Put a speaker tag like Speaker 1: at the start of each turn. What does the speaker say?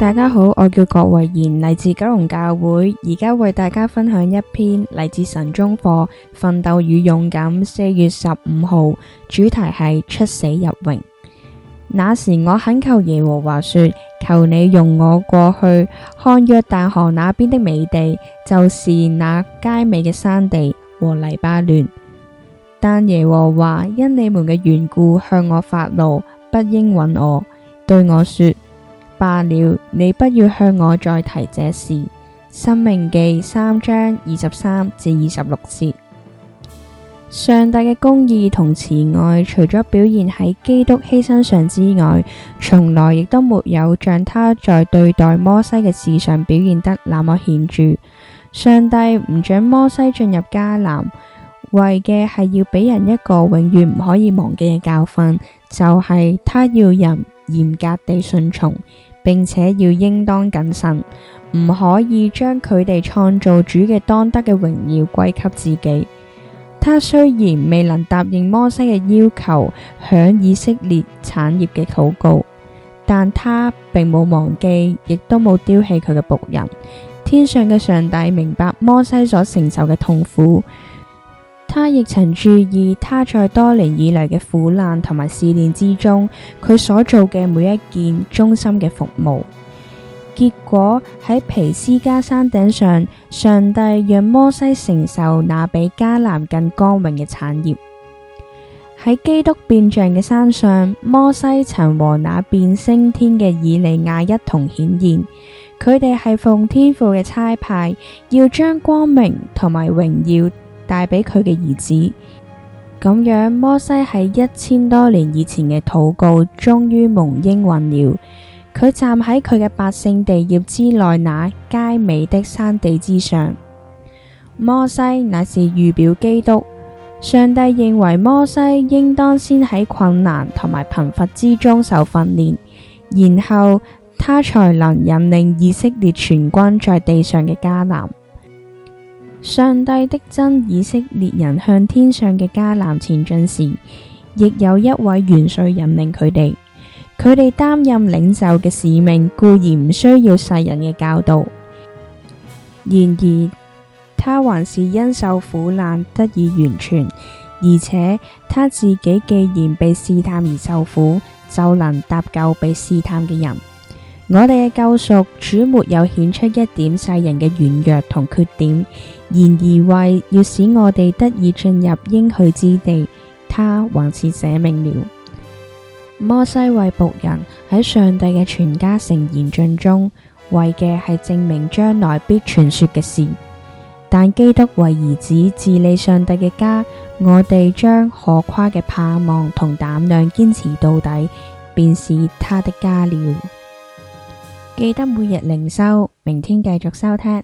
Speaker 1: 大家好，我叫郭慧賢，嚟自九龍教會，而家為大家分享一篇嚟自神中課《奮鬥與勇敢》四月十五號，主題係出死入榮。那時我懇求耶和華說：求你容我過去看約旦河那邊的美地，就是那佳美嘅山地和黎巴嫩。但耶和華因你們嘅緣故向我發怒。不應允我，對我說罷了。你不要向我再提這事。《申命記》三章二十三至二十六節，上帝嘅公義同慈愛，除咗表現喺基督犧牲上之外，從來亦都沒有像他在對待摩西嘅事上表現得那麼顯著。上帝唔准摩西進入迦南，為嘅係要俾人一個永遠唔可以忘記嘅教訓。就係他要人嚴格地順從，並且要應當謹慎，唔可以將佢哋創造主嘅當得嘅榮耀歸給自己。他雖然未能答應摩西嘅要求，響以色列產業嘅禱告，但他並冇忘記，亦都冇丟棄佢嘅僕人。天上嘅上帝明白摩西所承受嘅痛苦。他亦曾注意他在多年以嚟嘅苦難同埋試煉之中，佢所做嘅每一件忠心嘅服務。結果喺皮斯加山頂上，上帝讓摩西承受那比迦南更光榮嘅產業。喺基督變像嘅山上，摩西曾和那變升天嘅以利亞一同顯現，佢哋係奉天父嘅差派，要將光明同埋榮耀。帶俾佢嘅兒子，咁樣摩西喺一千多年以前嘅禱告，終於蒙應允了。佢站喺佢嘅百姓地業之內那，那佳美的山地之上。摩西乃是預表基督。上帝認為摩西應當先喺困難同埋貧乏之中受訓練，然後他才能引領以色列全軍在地上嘅迦南。上帝的真以色列人向天上嘅迦南前進時，亦有一位元帥引領佢哋。佢哋擔任領袖嘅使命，固然唔需要世人嘅教導。然而，他還是因受苦難得以完全，而且他自己既然被試探而受苦，就能搭救被試探嘅人。我哋嘅救贖主沒有顯出一點世人嘅軟弱同缺點，然而為要使我哋得以進入應許之地，他還是捨命了。摩西為僕人喺上帝嘅全家成言盡中，為嘅係證明將來必傳說嘅事；但基督為兒子治理上帝嘅家，我哋將可誇嘅盼望同膽量堅持到底，便是他的家了。記得每日靈修，明天繼續收聽。